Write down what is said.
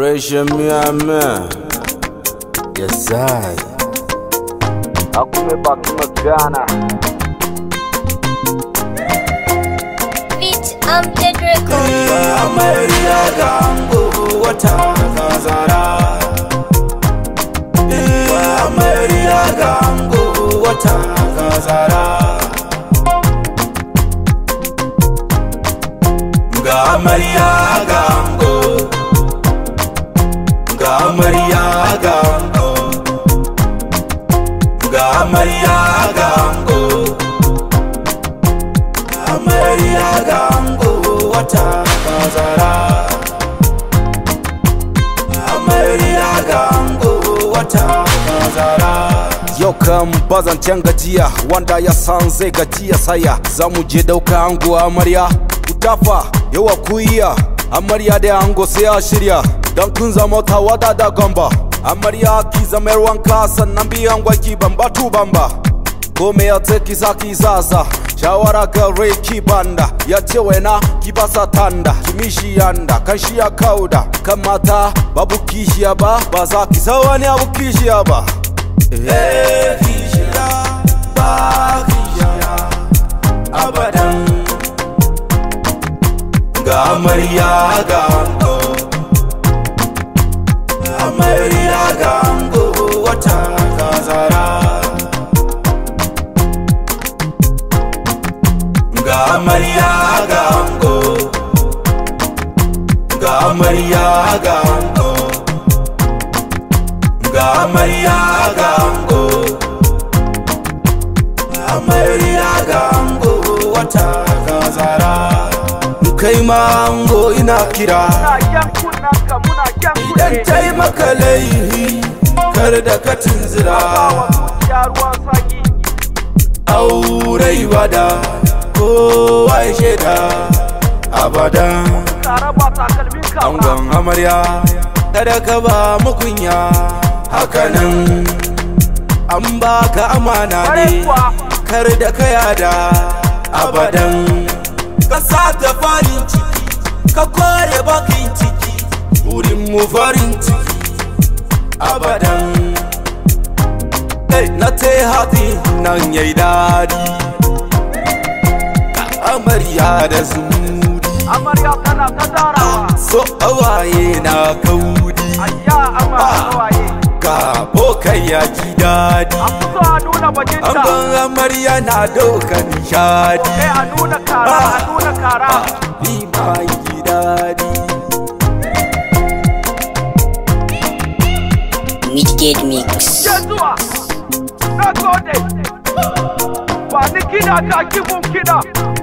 Pressure me, I'm Yes, I. Akume back in Ghana. Bitch, I'm Pedro America, Gambo, Wata, Kazara. America, Gambo, Wata, Kazara. Ga Maria, ga amarya ga ango ga amarya ga ango ga wata bazara amarya ga ango wata bazara yau kan bazan gajiya wanda ya san zai gajiya saya za mu je dauka ango amarya ku dafa yawa ku iya amarya da ango sai a shirya don kun zama wada da gamba amarya ki zama wanka sannan biyan gwaki bamba tu bamba ko me ya ce ki sa sasa shawara ga rai banda ya ce waina ki sa tanda kimi shi yanda kan shi ya kauda kan mata babu kishiya eh, ba ba za ki sa wani abu kishiya ba eh kishiya ba kishiya abadan ga amarya ga amarya ga ango ga amarya ga ango ga amarya ga ango amarya ga ango wata ga zara kai ma ango ina kira idan taimaka laihi kar da ka tunzira aurai wada kowa ya shaida abadan angon amarya kada ka ba mukunya hakanan an baka amana ne kar da ka yada abadan ka sata farin ciki ka kore bakin ciki wurin mu farin ciki abadan na te hati nan yayi dadi amarya da zuri amarya kana ta tarawa so awaye na kauri ayya amarya ah, awaye ka bokai ya ji dadi a nuna bajinta amban amarya na doka nishadi eh a nuna kara a ah, nuna kara bi ah, bai ji dadi Wicked Mix. Yazuwa, na gode, ba ni kina ta kifin kina.